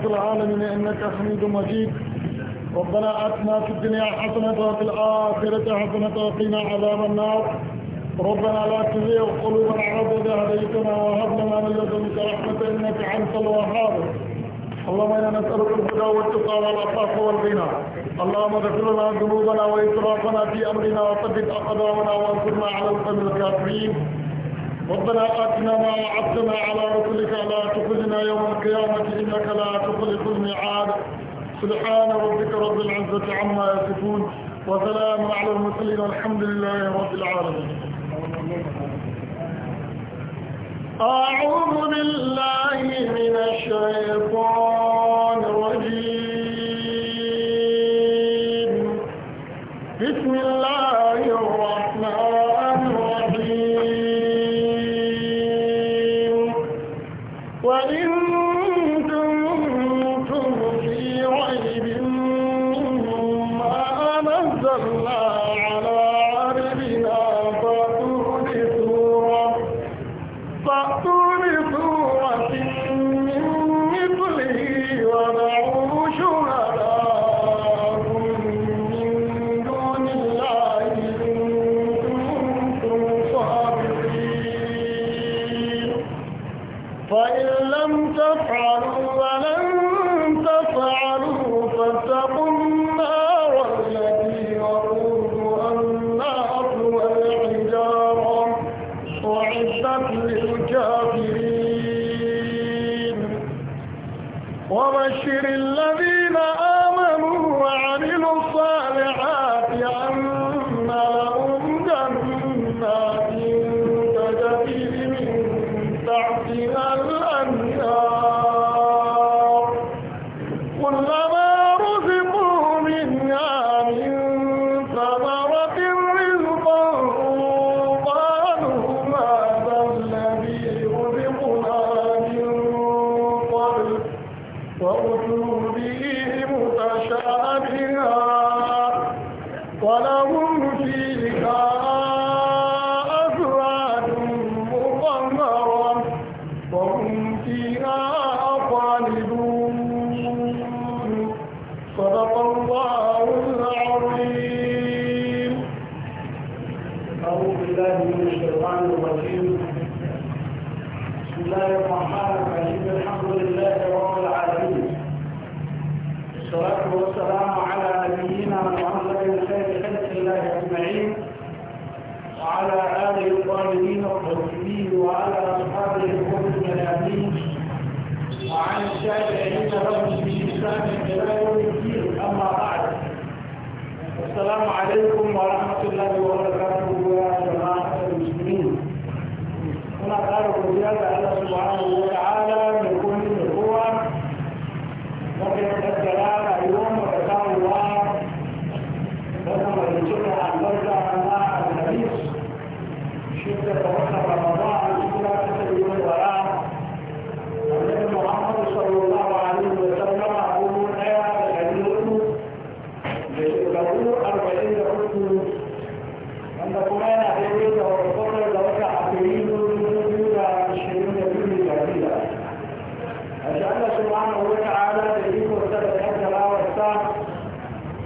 في العالمين إنك حميد مجيد ربنا أتنا في الدنيا حسنة وفي الآخرة حسنة وقنا عذاب النار ربنا لا تزيغ قلوبنا عبد هديتنا وهب لنا من لدنك رحمة إنك أنت الوهاب اللهم إنا نسألك الهدى والتقى والعفاف والغنى اللهم اغفر لنا ذنوبنا وإسرافنا في أمرنا وثبت أقدامنا وانصرنا على القوم الكافرين ربنا آتنا ما وعدتنا على رسلك لا تخزنا يوم القيامة إنك لا تخلف الميعاد سبحان ربك رب العزة عما يصفون وسلام على المرسلين والحمد لله رب العالمين أعوذ بالله من الشيطان الرجيم بسم الله الرحمن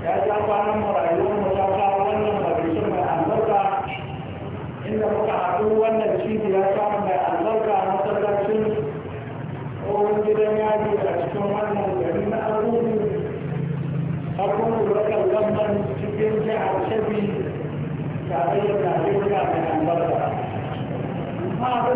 ya ja kwanan marayuwar mu wannan majalisar mai albarka inda muka haɗu wannan cibiya samun mai albarka masallacin tsohon gidan yaji a cikin wannan gari na abubu abubu rakar gamban cikin jihar shabi tare da najeriya mai albarka ma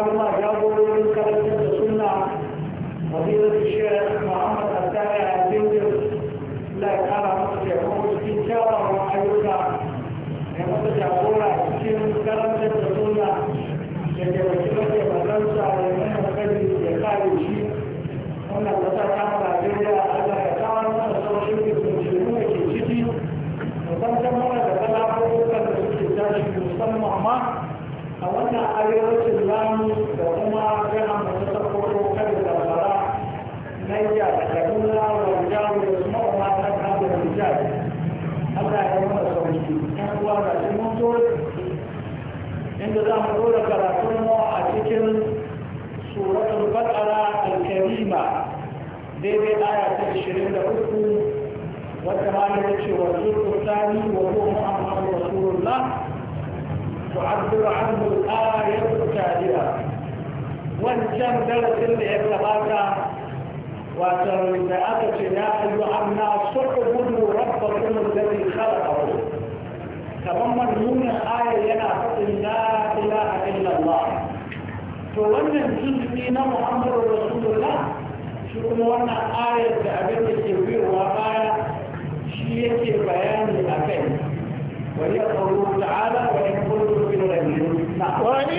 wá ló má وكان ذاك يا أيها الناس اعبدوا ربكم الذي خلقكم كمان من نون آية ينا لا إله إلا الله فوانا جزء محمد رسول الله shi kuma wannan ayar da abin da ke biyowa baya shi yake bayani a kai wani ya tsoro ta'ala wani kullum bin rabbi na wani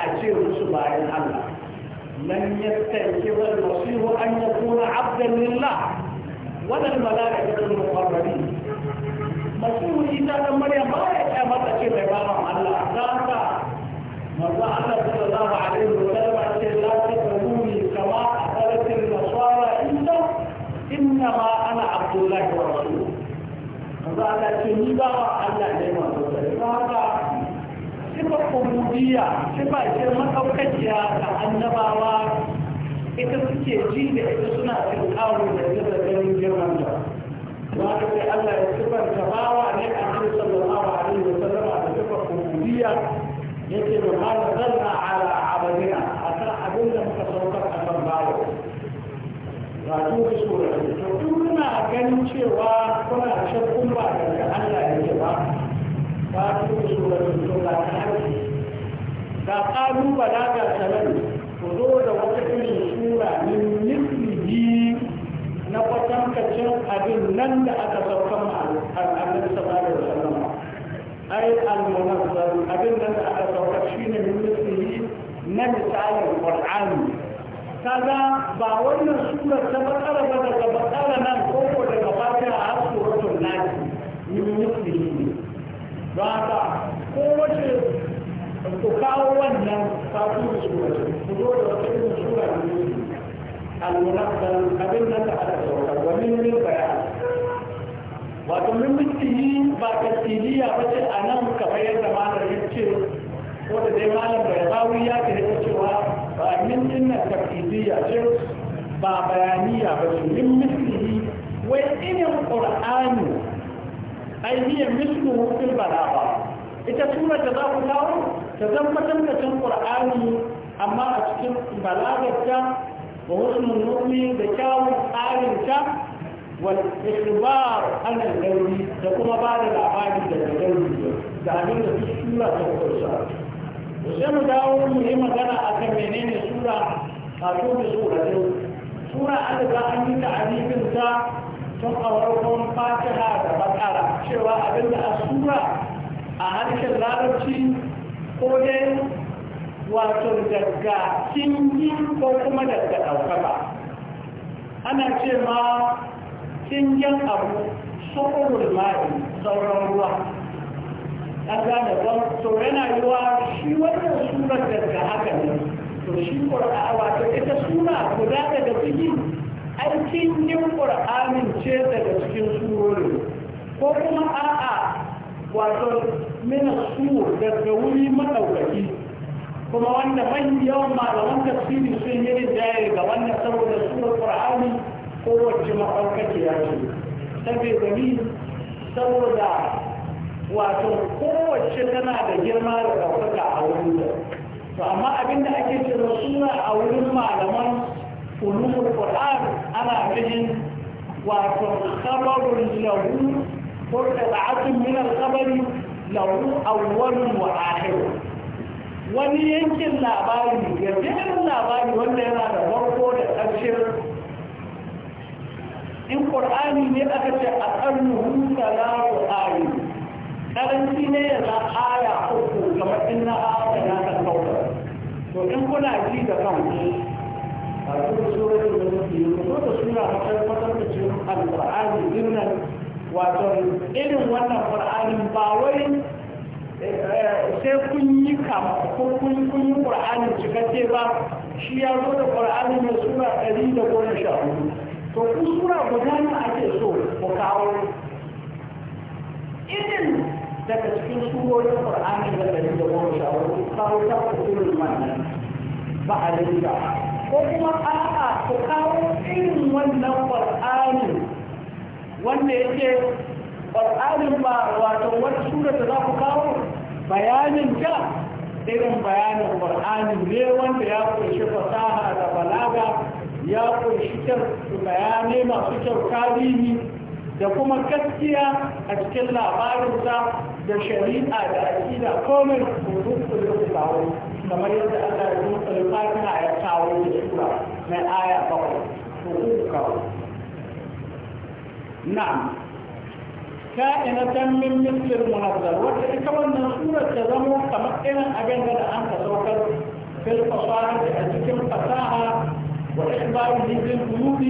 a ce musu bayan Allah man yastanki wal masihu an yakuna abdan lillah wal malaikatu muqarrabin masihu isa dan maryam ba ya kyamar da ce bai ba Allah za ka manzo Allah sallallahu alaihi wa sallam ce la taquluni kama qalat an-nasara inna inna ma ana abdullahi wa rasul manzo Allah ce ni ba rububiyya sifa ce makaukaciya ga annabawa ita suke ji da ita suna cin karo da ita da ganin girman da ba da sai Allah ya sifanta bawa ne a cikin sallallahu alaihi wa sallama da sifar rububiyya yake da mala zanna ala abadina akan abin da muka saukar a kan bawa ba duka sura to kuna ganin cewa kuna shakkun ba daga Allah yake ba ba duka ga ƙalubala ga sanar ku zo da wata irin sura min mislihi na kwatankacin abin nan da aka saukan al'adun sabarar sallama ai al-munazzar abin nan da aka sauka ne min mislihi na misalin qur'ani kaga ba wannan sura ta bakara ba daga bakara nan ko ko daga fatiha har suratul nas min ne, ba ku kawo wannan kafin da su ku zo da wata irin sura da ne al-munazzal abin nan da aka saukar wani ne bayan wato min mutihi ba tasiriya ba ce a nan kamar yadda malam ya ce ko da dai malam bai bawi ya ce da cewa ba min inna tasiriya ce ba bayaniya ba ce min mutihi wai irin qur'ani ai hiya mislu fil balagha ita sura da za ku kawo ta tabbatar da cin ƙur'ani amma a cikin balagarta ba husnul mu'min da kyawun tsarin ta wal ikhbar an al da kuma ba da labari da gawri da abin da su sura ta kusa sai mu dawo mu yi magana akan menene sura a tobe sura ta sura an za a yi ta'arifin ta tun a farkon fatiha da bakara cewa abin da a sura a harshen larabci ko dai wato daga kingi ko kuma daga daukaka ana ce ma kingin abu sukurul mai sauran ruwa A gane ban to yana yiwa shi wannan surar daga haka ne to shi ƙura'a wato ita suna guda daga cikin aikin yin ƙura'anin ce daga cikin surorin ko kuma a'a wato mina suwur daga wuri maɗaukaki kuma wanda mai yawan malaman tafsiri sun yi rinjaye ga wannan saboda suwar qur'ani ko wacce maɗaukaki ya ce saboda ni saboda wato kowace tana da girma da ɗaukaka a wurin da to amma abinda ake ce sura a wurin malaman ulumul qur'an ana ganin wato khabarun lahu قطعة من الخبر له أول وآخر wani yankin labari yarjejen labari wanda yana da farko da ƙarshen in ƙur'ani ne aka ce a ƙarnuhu salatu ayi ƙaranci ne ya za aya uku kamar in na aya na kan kautar to in kuna ji da kanku a cikin suratun da suke yi ko da suna matar wato irin wannan ƙur'anin ba wai eh, sai kun yi kam ko kun yi ƙur'anin cikakke ba shi ya zo da ƙur'anin mai suna ɗari da goma sha hudu to ku suna guda ne ake so ku kawo irin daga cikin surorin ƙur'anin da ɗari da goma sha hudu kawo ta kusurin wannan ba a ba. ko kuma a'a ku kawo irin wannan ƙur'anin wanda yake ƙwar'anin ba wato wata sura da za ku kawo bayanin ta irin bayanin ƙwar'anin ne wanda ya ƙunshi fasaha da balaga ya kunshi bayanai masu kyau tarihi da kuma gaskiya a cikin labarinsa da shari'a da aƙida komai mutum kullum kawo kamar yadda Allah yi kuma kalifatina ya kawo da sura na aya bakwai to kawo نعم كائنة من مثل المنظر وتتكون من سورة تزمو تمكن أبين لدى أن تتوكل في الفصاحة أجيك الفصاحة وإخبار هذه القلوب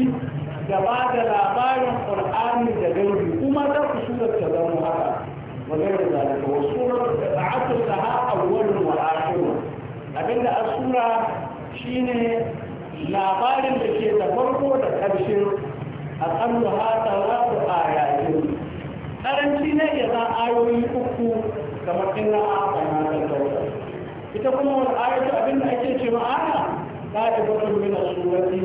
جباد الآبار القرآن جدوي وما ذلك سورة تزمو هذا وغير ذلك وسورة بعث لها أول وآخر أبين السورة شيني لا da بشيء da farko A aqallu ha tawatu ayatin karanci ne ya za ayoyi uku kamar kin na aya ta tawata ita kuma wani ayatu abinda ake cewa aya ta ta gudu min surati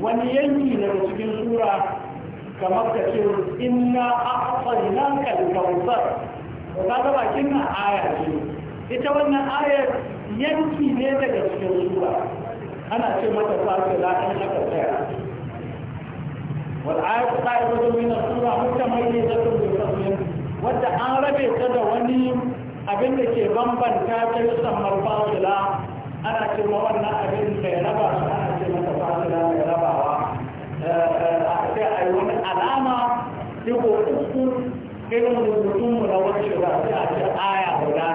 wani yanki daga cikin sura ga ka ce inna a'tainaka al-kawthar to kaga bakin na aya ce ita wannan ayar yanki ne daga cikin sura ana ce mata fasila in aka tsaya والآية قائمة من السورة متميزة بالرسول wadda an rabe ta da wani abin da ke bambanta ta yi samar fasila ana cewa wannan abin mai raba su ana ce mata rabawa a sai a yi wani alama digo uku irin rubutun na wani shiga sai a aya guda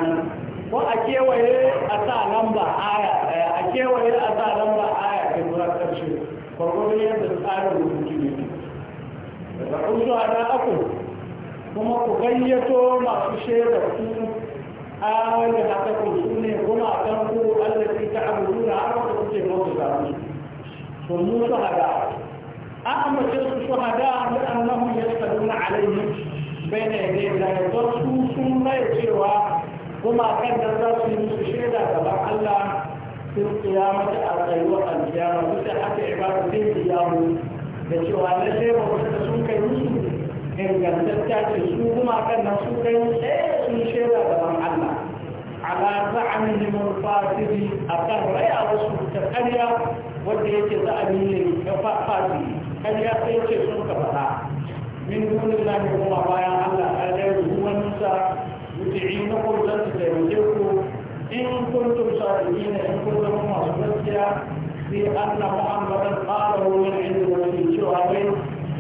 ko a kewaye a sa lamba aya a rubutu ne wada'u shuhada'akum kuma ku gayyato masu shaida ku آلهتكم سنة كما تنقوا التي تعبدون عرفة كنتم موت سامي سموا شهداء أما جلس شهداء لأنهم يشهدون عليهم بين يدي الله يدرسوا ثم يجيوا كما كان درسوا مستشهدا تبع الله في القيامة أرقيوا القيامة وسحة عبادتهم إياه da cewa na sai wata da sun kai musu ingantacciya ce su kuma kan na sun kai musu sun shaida gaban Allah ala za'amin fasiri a kan raya wasu ta karya wanda yake za'amin ne ya fasiri karya sai ce sun ka faɗa min dunin lafi kuma bayan Allah a ɗaya ruwansa yuti'inakum zan su taimake ku إن كنتم صادقين إن كنتم مصدقين في أن محمدا قاله من عند العظيم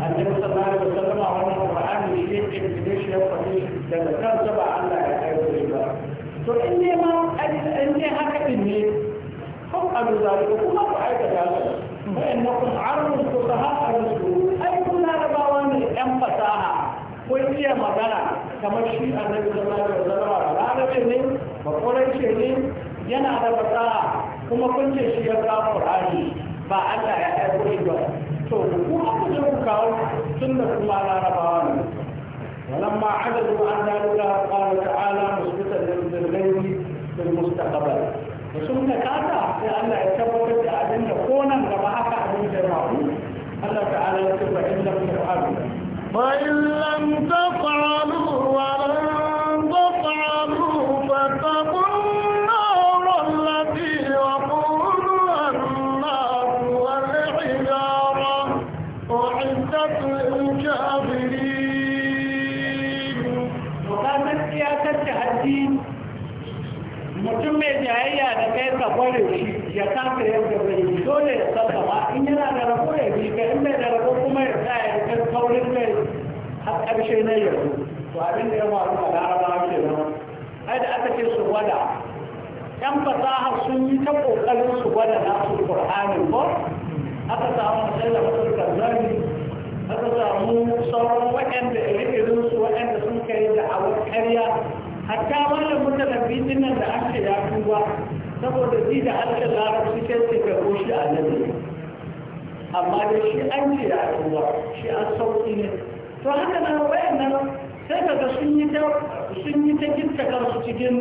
النبي صلى الله عليه وسلم أمر القرآن بشيء بشيء يقضي تذكر تبع الله يا to in ne ma in ne haka din ne kan abu zalika kuma ku aikata haka fa innakum arun fuqaha rasul ai kun larabawa ne yan fasaha kun iya magana kamar shi annabi sallallahu alaihi wasallam larabe ne bakorace ne yana da fasaha kuma kun ce shi ya ka qur'ani ba Allah ya aiko shi ba ولما عجزوا عن ذلك قال تعالى مثبتا للغيب في المستقبل وسنة كذا لأن كما حكى عن الله تعالى يقول فإن لم تفعلوا لم ya kasa yadda bai yi dole ya sallama in yana da rabo ya bi ka in bai da rabo kuma ya sa ya kan saurin mai har ƙarshe na yau to abin da ya faru a larabawa ke nan ai da aka ce su gwada yan fasaha sun yi ta ƙoƙarin su gwada nasu ƙur'anin ko aka samu musallar turkar zani aka samu sauran waɗanda irin su waɗanda sun kai da awar ƙarya hatta wannan mutalabijin nan da ake ya duba saboda ji da harshen larabci sai ce ka ko shi annabi ne amma da shi an ce ya ruwa shi an sauki ne to haka nan wayannan sai ka ga sun yi ta sun yi ta kinta kansu cikin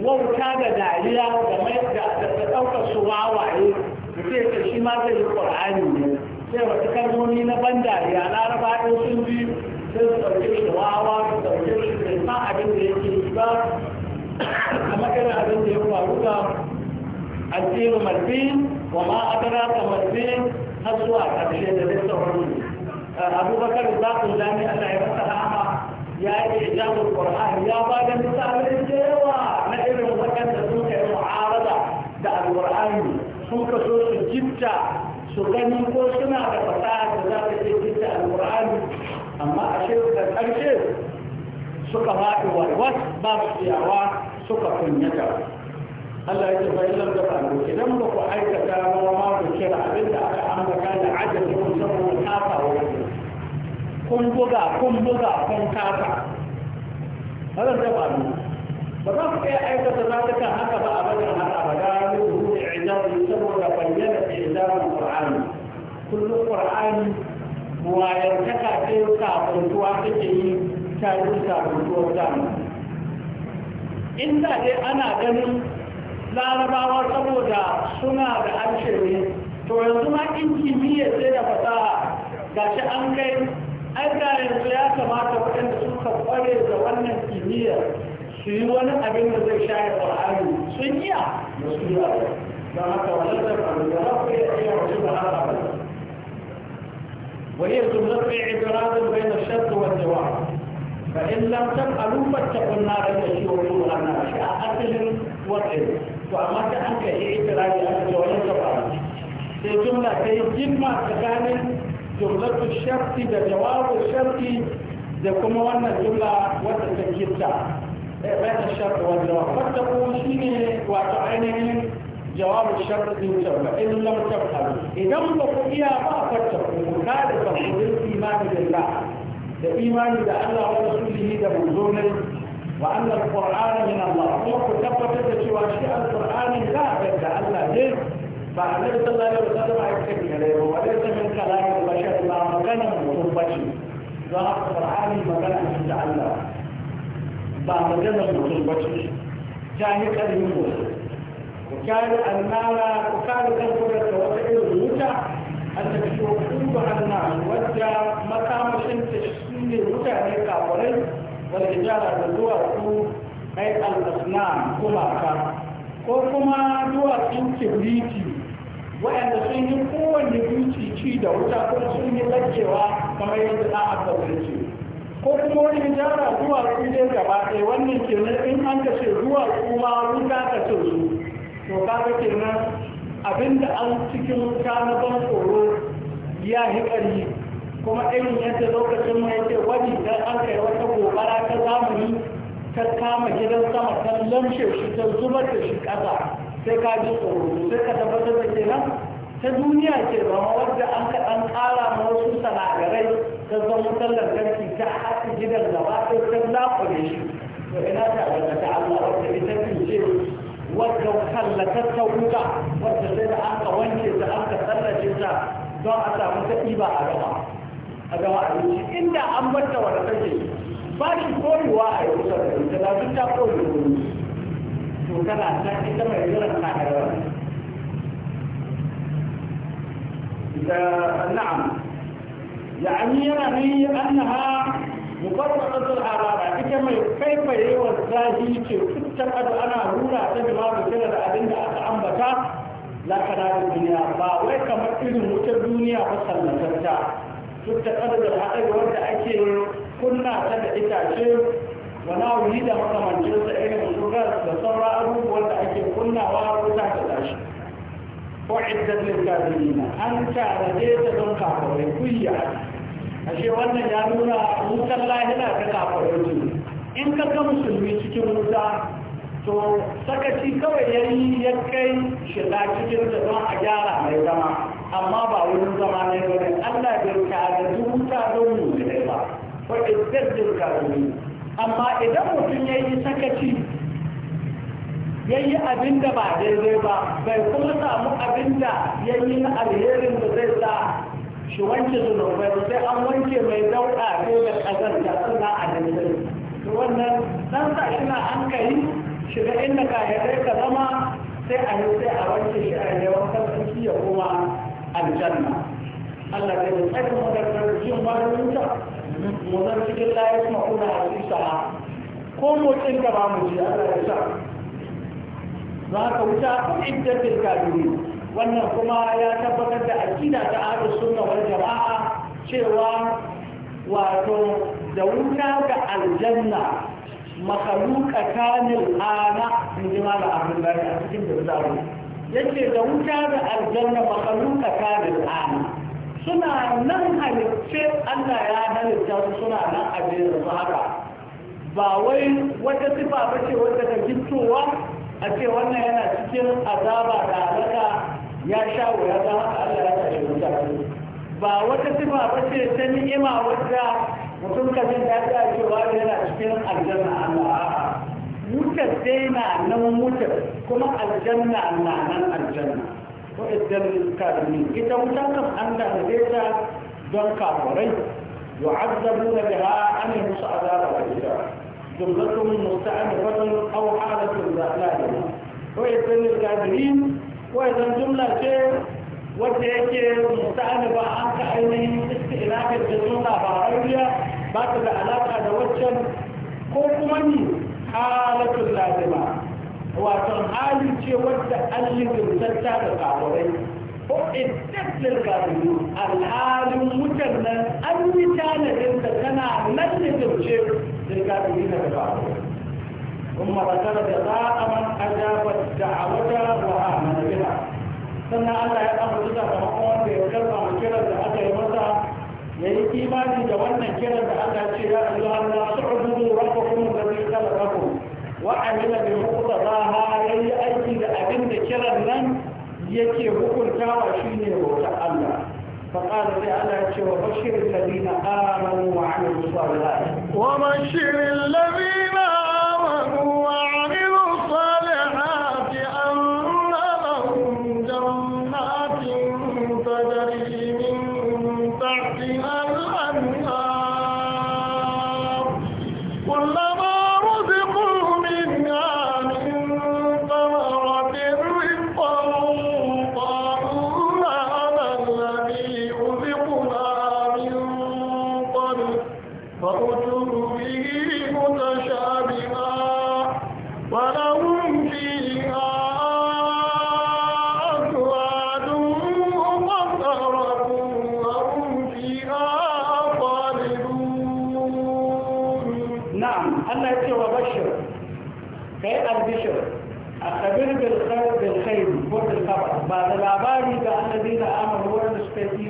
wauta da dariya da mai da da daukar su wawaye sai ka shi ma zai yi qur'ani ne sai wata kalmomi na ban dariya larabawa sun bi sai su ɗauke shi wawa su ɗauke shi bai ma abin da ya irin abin da ya faru da asiru marfin wa ma adara ka marfin har zuwa ƙarshe da dai sauran abubakar zaɓin lami allah ya fasa hama ya yi ijabul qur'an ya ba da misalin cewa na irin da suka yi mu'arada da alqur'ani sun ka so su jibta su gani ko suna da fasaha da za ta ce jibta alqur'ani amma a shirka ƙarshe suka faɗi wasu, ba su iyawa suka kunyata Allah ya ce fa illam tafa'alu idan ba ku aikata ba ma ku kira abinda aka ambata da ajabi kun saboda kafa wa kun buga kun buga kun kafa Allah ya ba mu ba za ku iya aikata za ta kan haka ba a bada har abada ne ku da ijabi saboda bayyana ijabin Qur'ani kullu Qur'ani muwayar taka ce kafin tuwa take yi ta yi kafin tuwa zamani inda dai ana ganin larabawa saboda suna da harshe to yanzu ma in kimiyya sai da fasaha gashi an kai an yanzu ya kamata waɗanda suka kware da wannan kimiyya su yi wani abin da zai shayar ƙwararri sun iya da su yi don haka wannan da faru da hafi ya iya wasu da haka ba وهي جملة في عبارات بين الشد والجواب ka in lam tan a lumbar da ta shi wani wani shi a asalin wata yi to amma ta an kai iya kira ne a kai wani ta faru sai jumla ta yi jimma tsakanin jumlatu sharti da jawabu sharti da kuma wannan jumla wata ta kirta ya bai ta sharti wani jawa fata ko shi ne wato ainihin jawabu sharti din ta ba in lam tan a lumbar idan ba ku iya ba fata ko kada ba ku zai fi ma لإيمان بالله ورسوله ده منظور وأن القرآن من الله وكتبت تشوى شيء القرآن لا أن الله جل فالنبي صلى الله عليه وسلم يكتب عليه وليس من كلام البشر ما مكان بشي لا القرآن مكان عند الله بعد مكان بشي جاهد قديم وكان المال وكان تنفر التوكل الوجع أن تشوفوا على الناس وجه مقام شمس ce mutane kafirai wal ijara da zuwa su ai al-asnam kuma ka ko kuma zuwa sun kibriti wa'anda sun yi kowane duci ci da wuta ko sun yi lakewa kamar yadda na abdul ce ko kuma wani ijara zuwa su ne gaba ɗaya wannan kenan in an ka ce zuwa kuma wuta ka ce su to kaga kenan abinda an cikin wuta na ban tsoro ya hi ƙarfi kuma irin yadda lokacin mu yace wani idan an kai wata gobara ta zamani ta kama gidan sama ta lamshe shi ta zubar da shi kasa sai ka ji tsoro sai ka tabbatar da kenan ta duniya ke ba ma wadda an ka dan ƙara ma wasu sanadarai ta zama wutar lantarki ta haɗa gidan gaba ɗaya ta laƙure shi to ina ta ga ta Allah wadda ita ce wadda kallatatta wuta wadda sai da an ka wanke ta an ka tsallace ta don a samu ta ɗiba a gaba a gama abinci inda an bata wani take ba shi korewa a yi kusa da ita da duk ta kore wani to tana ta ita mai jiran ta da na'am يعني يرى أنها مبررة الحرارة كما كيف يوى الزاهي تتقد أنا رولا تبما بكلا لأبن أتعنبتا لكن هذه الدنيا فاوي كما إذن متى الدنيا فصل نزلتا duk da ƙarfin haɗari wanda ake kunna ta da itace wani wuri da sa, irin sugar da sauran abubuwan da ake kunnawa wuta ta tashi ko iddar lissafirina an taraje ta don kafarai kuyya ashe wannan ya nuna wutar lahira ta kafarai ne in ka ga musulmi cikin wuta to sakaci kawai ya yi ya kai shiga cikin da don a gyara mai zama amma ba wurin zama ne ba ne Allah bai tanadi wuta don mu ne ba ko idan dirka amma idan mutum yayi sakaci yayi abin da ba daidai ba bai kuma samu abinda da yayi na alherin da zai sa shi wanke zunubai sai an wanke mai dauka ko da kazanta suna a To wannan dan sa shi na an kai shiga inda ka ka zama sai a yi sai a wanke shi a yi yawan sarki ya koma الجنة الذي من أجل مدرسة الجنة مدرسة الجنة مدرسة الجنة يسمعون حسيسة كل مجل كما مجل الله يسا ذاك وجاء كل عدة الكاذبين وأن كما يتبقى تأكيد تعالى السنة والجماعة شروا وأتوا دولنا كالجنة مخلوق كان الآن من جمال عبد الله يسا yake da wuta da aljanna makaluka ta bil'ani suna nan halitce Allah ya halitta su suna nan a da su haka ba wai wata sifa ba ce wadda ta gittowa a ce wannan yana cikin azaba da halaka ya sha wuya ta haka Allah ya tashi wuta ba wata sifa ba ce ta ni'ima wadda mutum ka jin daɗi a cewa yana cikin aljanna Allah a'a wutar dai na nan wutar kuma aljanna na nan aljanna ko idan kafiri ita wutar kan an da ta don kafirai yu'azzabuna biha an musu azaba da ita jumlatun musta'anifatun aw halatun zalala ko idan kafirin ko idan jumla ce wanda yake musta'anifa an ka ainihin istilafin da jumla ba rauriya ba ta da alaka da waccan ko kuma ni halatun lazima wato hali ce wadda an lizurtatta da kawarai ko istattar gabiru alhalin wutan nan an yi tanadin da tana nan lizurce da gabiru na kawarai ثم ذكر جزاء من أجاب الدعوة وآمن بها sannan Allah ya kama su da kamakon da ya karfa kiran da aka yi masa ya yi imani da wannan kiran da aka ce ya Allah wa'adina bin hukuta ba ha ya yi aiki da abinda da nan yake hukunta wa shi ne bauta Allah. فقال في الله تعالى وبشر الذين آمنوا وعملوا الصالحات ومشر الذين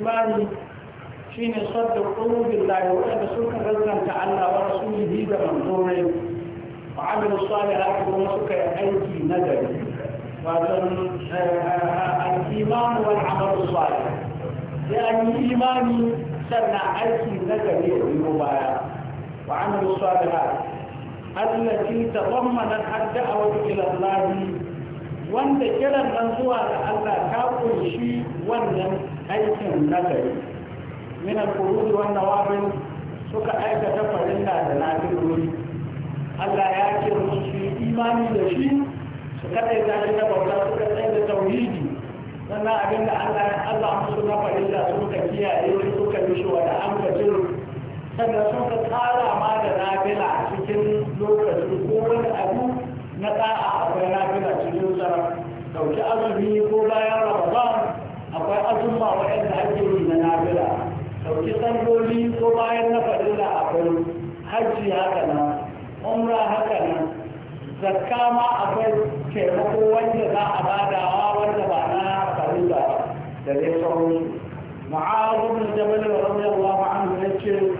إيماني شين صدر قول بالله وإذا سوك رزنا تعالى ورسوله هيدا منظورين وعمل الصالحات وما سوك أيدي ندري آه، الإيمان والعمل الصالح يعني إيماني سنع أيدي ندري بمبايا وعمل الصالحات التي تضمن الدعوة إلى الله وأن كلا من سوى أن تاكل شيء وأن aikin nagari min al wanda wabin suka aikata farilla da nafiloli Allah ya ce musu su imani da shi su kada ya tashi na bauta suka tsaye da tauhidi sannan abin da Allah ya Allah musu na farilla suka kiyaye suka yi shi wa da amfacin sannan suka tsara ma da nafila cikin lokaci ko wani abu na ɗa'a akwai nafila cikin ɗauki sandoli ko bayan na da akwai hajji haka nan umra haka nan zakka ma akwai taimako wanda za a badawa wanda ba na farilla ba da dai sauran mu'azu bin jabal radiyallahu anhu yace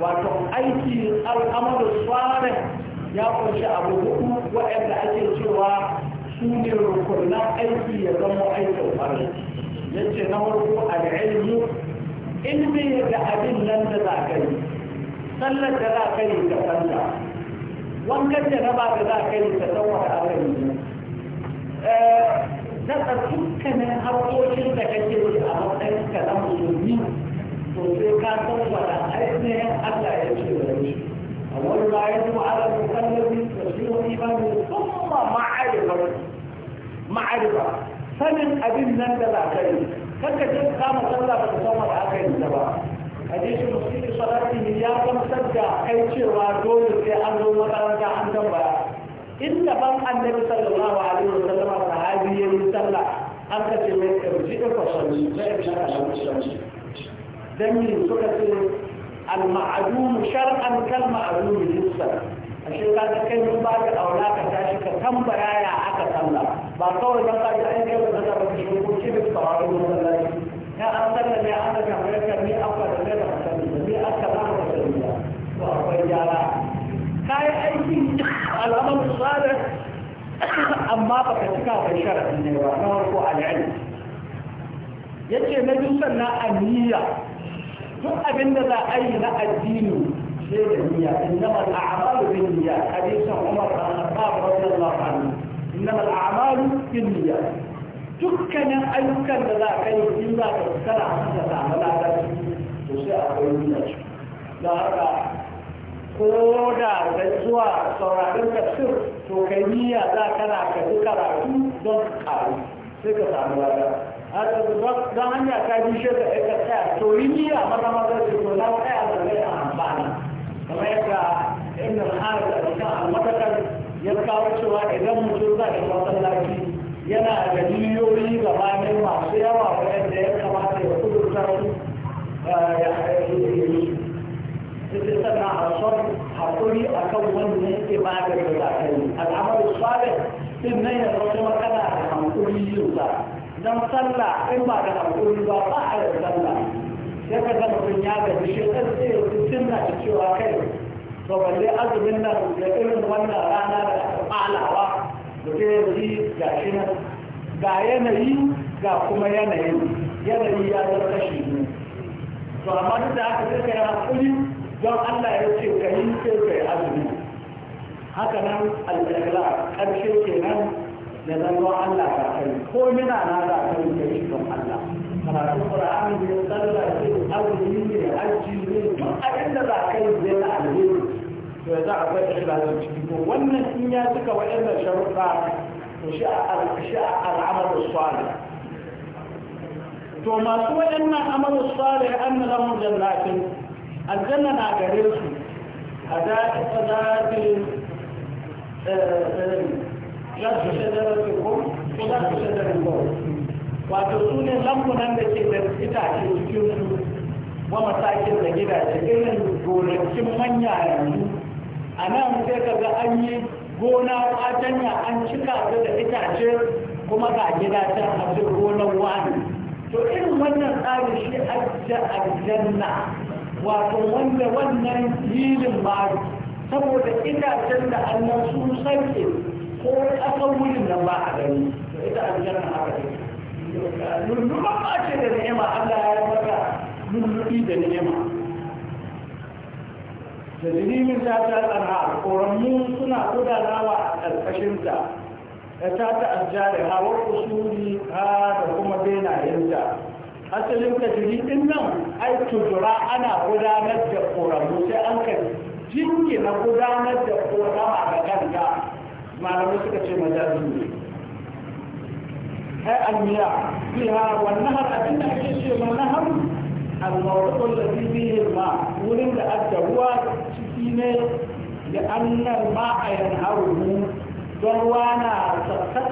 wato aiki al'amalu salih ya kunshi abu hudu waɗanda ake cewa su ne rukunan aiki ya zama aikin farin yace na farko al'ilmu in bai ga abin nan da za ka yi sallar da za ka yi ka salla wankan da raba da za ka yi ka san wata abin daga dukkanin harkokin da kake yi a matsayin ka na musulmi to sai ka san wata ainihin Allah ya ce da shi a wani bayan mu ala musallabi da shi wa imani kuma ma'arifa ma'arifa sanin abin nan da za ka yi kanka je kama sallah ba ta koma da aka yi ta ba hadisin musulmi salati ya gamsar da kai cewa dole sai an zo makaranta an tambaya in daban annabi sallallahu alaihi wa sallam sahabi ya yi sallah an ka ce mai irji ka fasalli da irji ka fasalli dan ne suka ce al-ma'dum shar'an kal ma'dum hissan ashe ka ga kai mun baka aula ka tashi ka tambara ya aka salla ba kawai ba ka ji an kai ba da ba shi ko ce ba ba ko sallaci ya an salla ne an ga mai ka ni aka da ne ba sani ni aka ba ba sani ba akwai jara kai aiki al'amal salih amma ba ka cika ba sharadin ne ba na farko al'ilm yace na duk sannan aniyya duk abin da za a yi na addini غير النيات إنما الأعمال بالنيات حديث عمر بن الخطاب رضي الله عنه إنما الأعمال بالنيات dukkan ayyukan da za ka yi in za ka tsara da samu ladar to sai akwai nuna shi da haka ko da da zuwa sauraron tafsir to kai niyya za ka na ka yi karatu don karu sai ka samu ladar don hanya ta bishe ka ka tsaya to yi niyya maza maza ce to na tsaya da zai amfani kamar yadda inda ma'ana da ta almatakar ya kawo cewa idan mutum za shi masallaci yana da miliyoyi ga bayan masu yawa wanda ya kamata ya kudurta ya yi cikin sannan a son haƙuri a kan wanda yake magani da kai al'amarin salih din nan ya zama kuma kana da haƙuri yin sa don sallah in ba da haƙuri ba ba a da sallah sai ka zama kun ya gaji shi ɗan sai ya tutun na da cewa kai to balle azumin nan da irin wannan rana da aka ɓalawa da zai yi ga shi nan ga yanayi ga kuma yanayi yanayi ya zama kashi ne to amma duk da aka sai ka yi hakuri don Allah ya ce ka yi sai ka yi azumi haka nan alƙaƙla ƙarshe kenan da zama Allah ka kai ko mina na za ka yi don Allah karatun ƙura'an da ya tsalla ce azumi ne hajji ne duk abin da za ka yi zai na alheri to ya za a bai da shi ciki ko wannan in ya cika waɗannan sharuɗa to shi a al'amar salih to masu waɗannan amal salih an na lamun jannatin aljanna na gare su a daɗi tsadatin شجرة الخلق وشجرة الخلق wato su ne lambunan da ke da itace cikin su wa masakin da gidaje irin gonakin manya yanzu a nan sai ka ga an yi gona fatanya an cika su da itace kuma ga gida ta a gonar wani to irin wannan tsari shi a aljanna wato wanda wannan yilin ba saboda itacen da annan sun sarki ko ƙasar wurin nan ba a gani ita aljanna haka lulluɓa ba ce da ni'ima Allah ya yi maka lullubi da ni'ima da jirimin ta ta tsara suna gudanawa a ƙarƙashinta da ta ta ajjare hawar usuli ha da kuma benayenta asalin ka jiri ɗin nan ai tujura ana gudanar da ƙoranmu sai an ka jingina gudanar da ƙorama da kanka malamai suka ce majazi ne المياه فيها والنهر أبن شيء من النهر الموضوع الذي فيه الماء ولم هو سكينة لأن الماء ينهره دروانا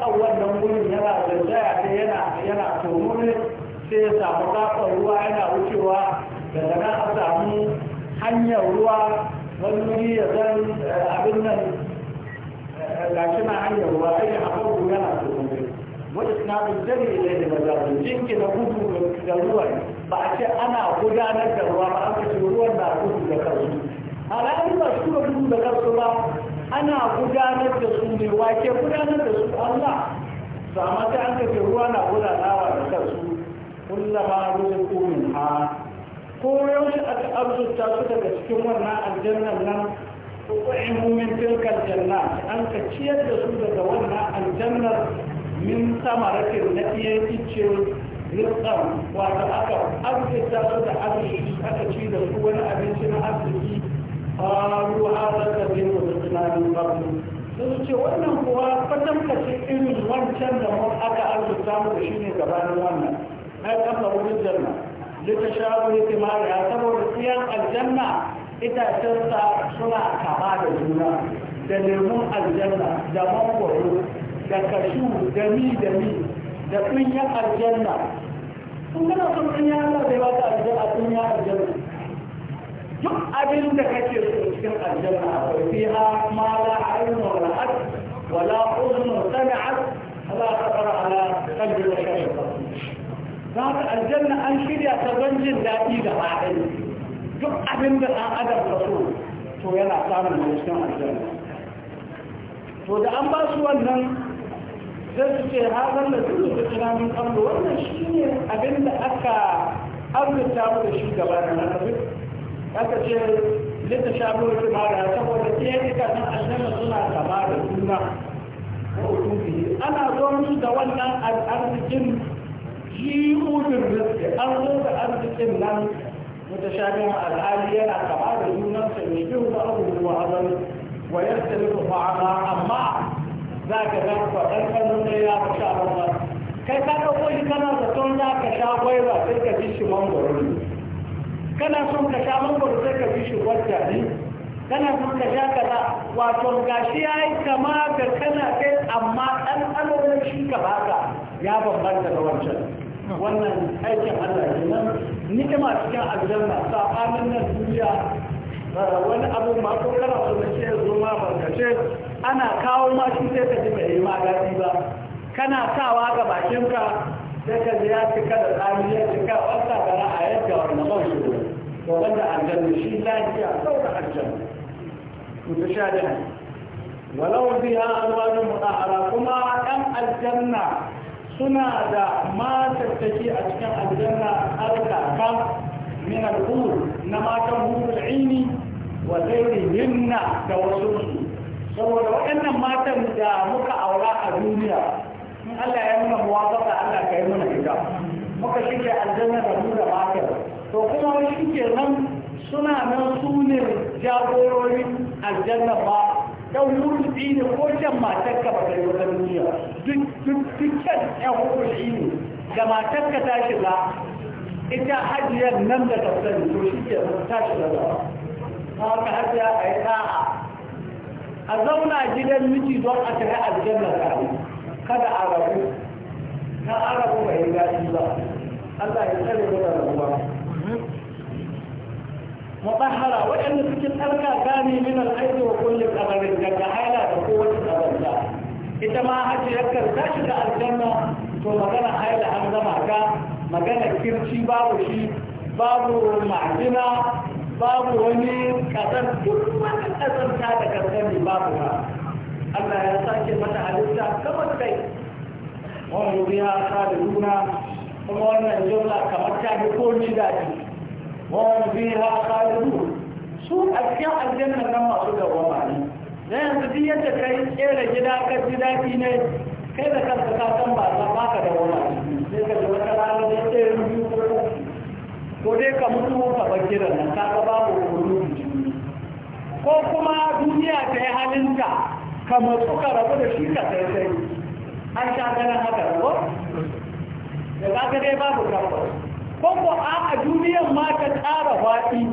أول والنمول يرى جزاء ينا ينا تنور سيسا مطاقة هو أنا وشوا لأنا أسامي حنيا هو والنبي يزن آه، أبن آه، لكن حنيا هو أي حقوق ينا تنور wani jami ilai da zarafin jinki na gudu da ruwan ba a ce ana gudanar da ruwa ba aka ce ruwan na gudu da karsu a ra'ayi ba su gudu da karsu ba ana gudanar da su ne wake gudanar da su allah su a mata an ka ce ruwa na gudanawa da karsu kullama ruwan kumin ha ko yaushe a ka arzuta su daga cikin wannan aljannan nan ko ƙwa'in mumin tilkar janna an ka ciyar da su daga wannan aljannar min samaratin na iya cikin rizqan wato aka arzika su da arziki aka ci da su wani abinci na arziki qalu hadha kadhibu rizqan qabl su ce wannan kuwa fatan kace irin wancan da mun aka arzuta mu da shine gabanin wannan ai kafa wurin janna lita shabu ihtimali saboda siyan aljanna itacensa suna kama da juna da lemun aljanna da mangoro da kashu da mi da mi da kunyar aljanna kun gana son kunyar Allah bai baka aljanna kunyar aljanna duk abin da kake so cikin aljanna akwai fiha ma la ainu ra'at wa la udhun sami'at ala khatar ala qalbi wa shay'in za ka aljanna an shirya ta don jin daɗi da haɗari duk abin da ɗan adam ka so to yana samun da cikin aljanna to da an ba su wannan zai ce hazan da su da tuna min kamar wannan shi ne abin da aka arzuta mu da shi gaba na nasabi aka ce lita shabu da kimara saboda tiyarika na aljanna suna kama da juna ana zo musu da wannan arzikin ji'udin rizki an zo da arzikin nan mutashabin al'ali yana kama da junansa mai kyau da abubuwa hazan wa yadda nufa amma za ka ga kwaɗan kanin da ya fi sha ruwa kai ka ɗauko shi kana zaton za ka sha ba sai ka fi shi mangoro ne kana son ka sha mangoro sai ka fi shi gwajja ne kana son ka sha kaza wato gashi ya yi kama ga kana kai amma ɗan alwar shi ka baka ya bambanta da wancan wannan aikin Allah kenan ni'ima cikin aljanna sabanin nan duniya wani abu ma ko kana so ne sai zo ma barkace ana kawo ma shi sai ka ji bai ma daɗi ba kana sawa ga bakinka sai ka ji ya cika da tsami ya cika wasa gara a yadda wani ban shi to wanda aljanna shi lafiya saura aljanna mutashabihan walau biha alwanu mutahara kuma ɗan aljanna suna da matattaki a cikin aljanna harka kan min al na matan hurul ilmi wa ghairihinna da wasu saboda waɗannan matan da muka aura a duniya in Allah ya nuna muwafaka Allah ka yi mana ita muka shige aljanna da mu da matan to kuma wani shige nan suna nan su ne jagororin aljanna ba dan wurfi ne ko can matar ka ba ta yi wata duniya dukkan ƴan wurfi ne da matar ka ta shiga ita hajiyar nan da ta sani to shi ke ta shiga da ta haka hajiya a yi ta'a a zauna gidan miji don a tafi aljanna tare kada a rabu ta arabu bai daɗi ba Allah ya tsare mu da rabuwa mutahara waɗanda suke tsarka gane min al'aiki wa kulli qabarin daga haila da kowace qabarta ita ma hajji yakkar ta shiga aljanna to magana haila an gama ka magana kirci babu shi babu ma'adina babu wani kasar duk wani kasar ta da kasar ne babu ba Allah ya sake mata halitta kamar kai wani wuri ya sa da duna kuma wannan jumla kamar ta bi ko ni daji wani wuri ya sa da su a cikin aljanna nan masu dawwama ne na yanzu duk yadda kai tsere gida ka ji daɗi ne kai da kanka ka san ba za ka dawwama ne sai ka ji wata rana ne To dai ka mutu ka kiran nan ka ga babu kunu ko kuma duniya ta yi halinta ka matsu ka rabu da shi ka sai sai an sha ganin haka ko da za ka dai babu tabbas ko ko a a duniyar ma ta tsara faɗi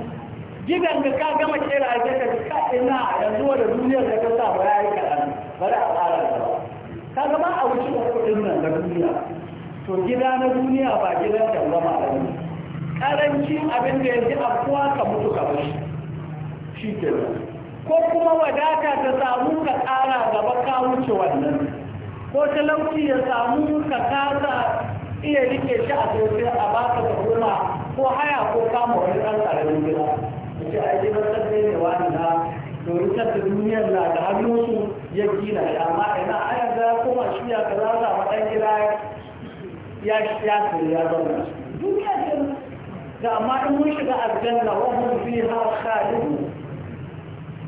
gidan da ka gama kera a ka ka ina yanzu da duniyar da ka sa ba ya yi kaɗan bari a tsara da ba ka gama a wuce kuɗin nan da duniya to gida na duniya ba gidan da gama a duniya karanci abin da yanzu afuwa ka mutu ka bashi shi ke ko kuma wadata ta samu ka kara gaba ka wuce wannan ko talauci ya samu ka kasa iya rike shi a sosai a baka da ko haya ko kama wani ɗan ƙaramin gida ce a yi masar ne ne wani na domin ta duniyar na da hannunsu ya gina shi amma ina a yanzu ya koma shi ya kaza za a gida ya shi ya ya zauna duniya da amma in mun shiga aljanna wa hum fiha khalidun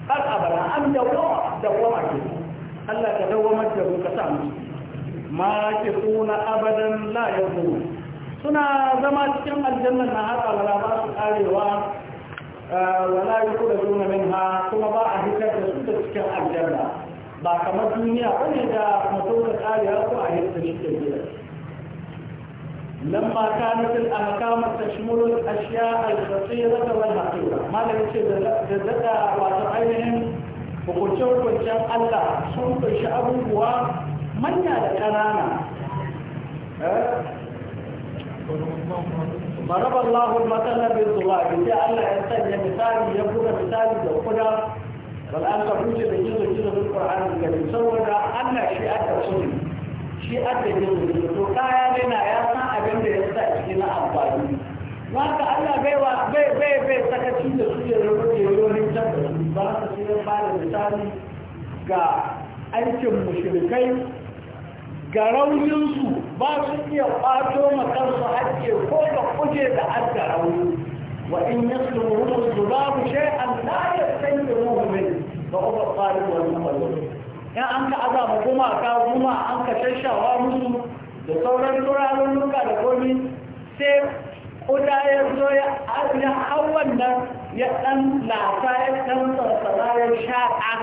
har abada an dawwama dawwama ke Allah ka dawwama da ku ka sa mu ma ke kuna abadan la yazun suna zama cikin aljanna na har abada ba su karewa wala yukhrijuna minha kuma ba a hitar da su da cikin aljanna ba kamar duniya bane da mutum ka kare ko a hitar da shi ke لما كانت الأحكام تشمل الأشياء الخطيرة والحقيرة ما لك جزدا وتعينهم وقلتوا كل شيء الله سنت شعب ومن أنا ضرب الله المثل بالظلام جاء الله يا مثال يقول مثال يقول والآن تقول جزء جزء في القرآن الكريم سوى أن شيئة سنة شيئة جزء جزء لنا يا wanda ya sa shi na amfani Allah bai wa bai bai bai sakaci da su da rubuce yorin can da ba haka sai misali ga aikin mushrikai ga rauninsu ba su iya kwato makarsu hajje ko ka kuje da adda rauni وإن يسلمهم الذباب شيئا لا يستنكروه منه فهو الطالب والمقلوب يا أنك أذاب كما kuma أنك تشعر مسلم da sauran turarin nuka da komi sai kuda ya zo ya ajiye hawan wannan ya ɗan lafa ya ɗan sarsara ya shaƙa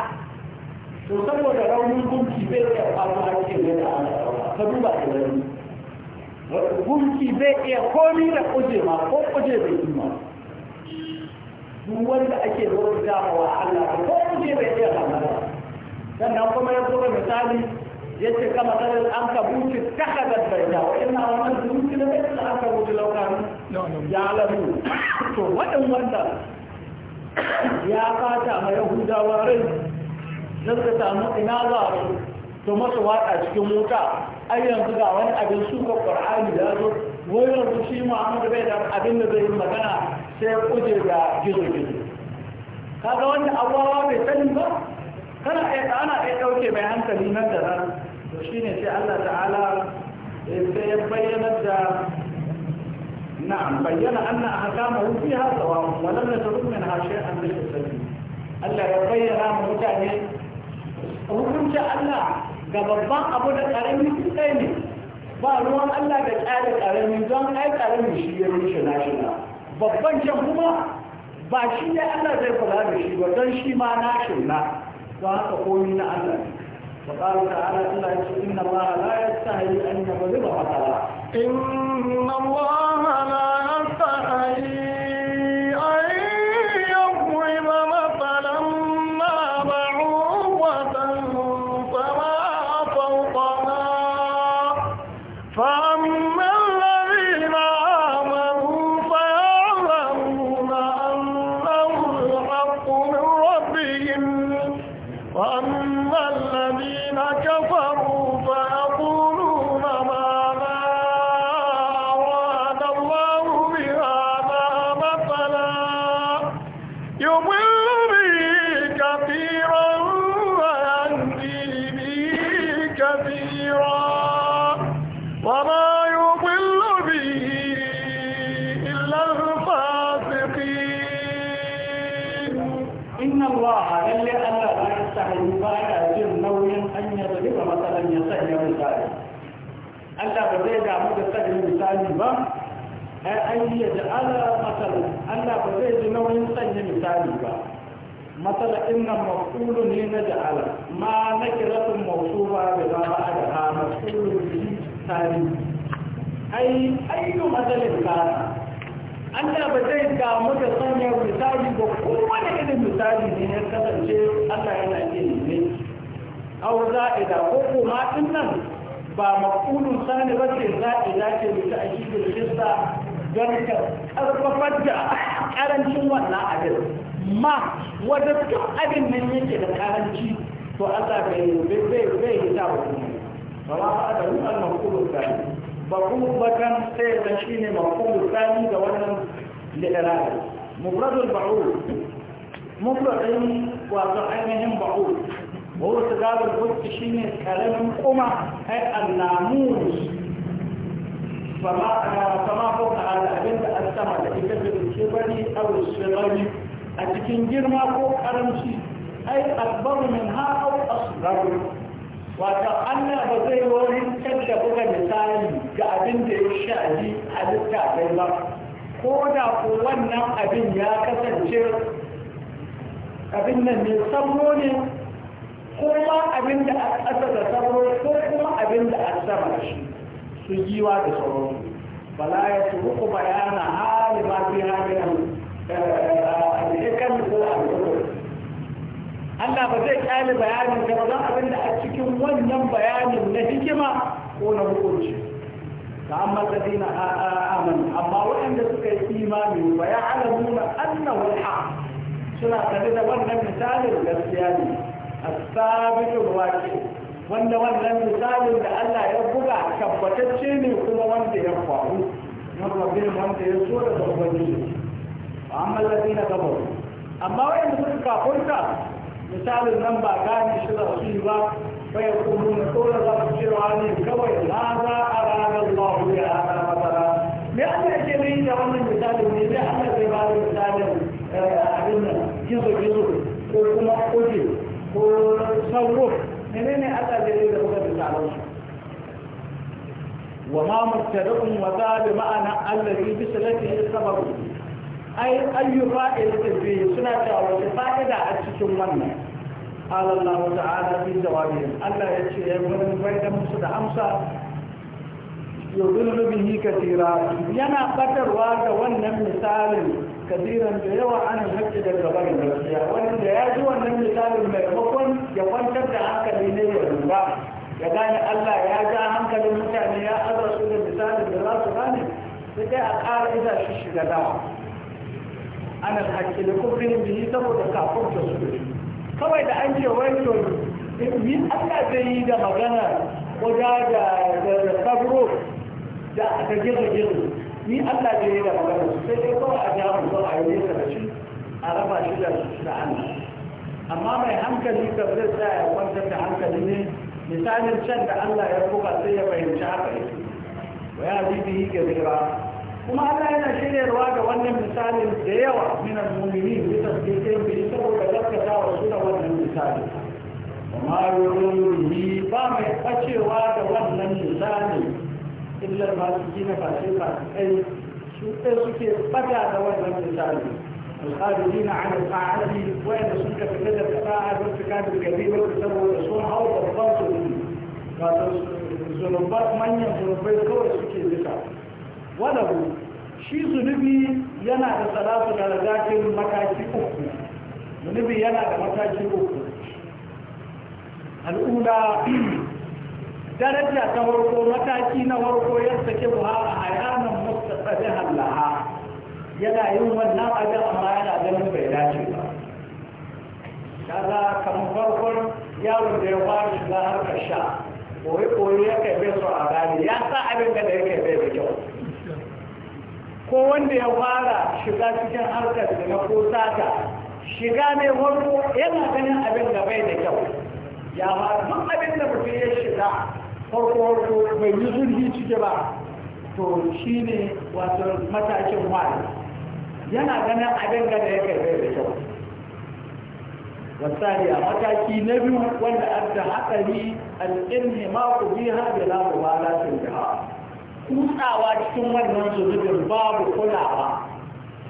to saboda raunin gunki bai iya faru a cikin da ana ka duba da wani gunki bai iya komi da kuje ma ko kuje bai yi ma duk wanda ake zo da wa Allah ko kuje bai iya ba sannan kuma ya zo misali yace kama tsarin an ka kabuci ta hadar baita wa ina wannan zuci na bai da aka rubuta laukan ya alamu to waɗin wanda ya fata ma yahudawa rai don ka samu ina za a to masa waƙa cikin wuta ai yanzu ga wani abin suka ƙwar'ani da zo wai yanzu shi muhammad bai da abin da zai yi magana sai kuje da gizo-gizo kaga wanda abuwa bai sani ba kana ana ɗaya ɗauke mai hankali nan da nan to shi ne sai Allah ta'ala sai ya bayyana da na'am bayyana anna ahkama fi hadha wa lam natruk min hashay an tasabi Allah ya bayyana mu mutane hukuncin Allah ga babban abu da karami sai ne ba ruwan Allah da tsare karami don ai karami shi ya rushe nashi babban can kuma ba shi ne Allah zai kula da shi ba don shi ma nashi na don haka komi na Allah ne وقال تعالى إلا إن الله لا يستحي أن يغضب مثلا إن الله لا يستحي an ya sanya misali Allah ba zai damu da sanya misali ba ai an yi da ala masal Allah ba zai ji nauyin sanya misali ba masal inna maqulu ne na ja'ala ma na nakiratun mawsufa bi ma ba'da ha maqulu bi tari ai ayyu masalin kana Allah ba zai damu da sanya misali ba kowane irin misali ne ya kasance Allah yana iya أو زائدة وقو ما إنه فمقول ثاني بس زائدة بتأكيد الخصة ذلك أرن شو لا أدري ما ودك أدل من يجي يجد أرنشي فأتى بيه بيه بيه تابعه هذا هو المقول الثاني بعوضة سيد شين مقول الثاني دولنا لإرادة مفرد البعوض مفرد وضعينهم بعوض wa wasu gabar fuski shi ne karamin kuma ai annamus fama ko ka ala abin da an sama da ita da ke bari awon shirari a cikin girma ko karamci ai akbaru min ha au asgaru wata Allah ba zai wani da buga misali ga abin da ya shafi halitta bai ba ko da ko wannan abin ya kasance abin nan ne sabo ne kuma abin da a ƙasa da sauro ko kuma abin da a sama da shi su giwa da sauro bala ya su uku bayana hali ma fi halin al'ikan ko al'ukur Allah ba zai kyale bayanin da ba abin da a cikin wannan bayanin na hikima ko na hukunci ta amma ladina amanu amma waɗanda suka yi imani wa ya'lamuna annahu al-haq suna tare da wannan misalin gaskiya ne asabitul waqi wanda wannan misalin da Allah ya buga tabbatacce ne kuma wanda ya faru na rabbin wanda ya so da ubangiji amma ladina kafaru amma wanda suka kafurta misalin nan ba gane shi da su ba bai kuma na tsoron za su cewa ne kawai na za a ranar lahu ya hana masara me Allah yake ne da wannan misalin ne ne Allah zai ba da misalin eh, abin nan gizo gizo ko sauro menene Allah zai yi da kuka da taron su wa ma mubtada'un wa ta bi ma'ana allazi bi salatihi sababu ai ayyu fa'ilatin suna cewa wata fa'ida a cikin wannan qala Allah ta'ala fi jawabihim Allah ya ce ya wani bai da musu da amsa يضل به كثيرا ينا قدر واقع وانا مثال كثيرا جيوة عن الهجة الجبار المسيح وانا جياجي وانا مثال المرفقون يقول تبدا عنك لينيه الله يقول الله يا جاء عنك لمتعني يا أبا رسول المثال الجلال سباني فتا أقار إذا شش جدا أنا الحكي لكم فيه بيه تبو تكافر تسوله كما إذا أنت ويتون من أبدا زيدة مغنى وجاجة تبرو da a ta girma girma ni Allah ne ya da magana sai dai kawai a jawo zuwa a yi da shi a raba shi da da Allah amma mai hankali ka zai ya kwantar da hankali ne misalin can da Allah ya buga sai ya fahimci haka yake wa ya zibi ga zira kuma Allah yana shiryarwa ga wannan misalin da yawa minan mumini bisa sai bi saboda gaskata wa su da wannan misalin amma yoyon yi ba mai bacewa da wannan misalin illar maliki na fashe fasikai su ɗaya suke bata da wannan misali الخارجين عن القاعدة وإن سنك في كذا القاعة ارتكاب الكبير وتسبب الرسول أو ضباط ذنوبات من ينظربي كوي سكي لسا ولو شي ذنبي ينا da salatu da zakin mataki uku zunubi yana da mataki uku al'ula daraja ta farko mataki na farko ya sake buha a hayanan mustafa hallaha yana yin wannan abin amma yana ganin bai dace ba kaga kamar farkon yawon da ya fara shiga harkar sha koyi-koyi ya kai bai a gani ya sa abin da ya kai bai da kyau ko wanda ya fara shiga cikin harkar da na ko sata shiga mai farko yana ganin abin da bai da kyau ya fara duk abin da mutum ya shiga farko bai yi zurfi cike ba to shi ne wato matakin wani yana ganin abin da ya kai bai da kyau wasali a mataki na biyu wanda an da hatsari al'ilmi ma ku ha da lamu ba yi jiha kutsawa cikin wannan zunubin babu kulawa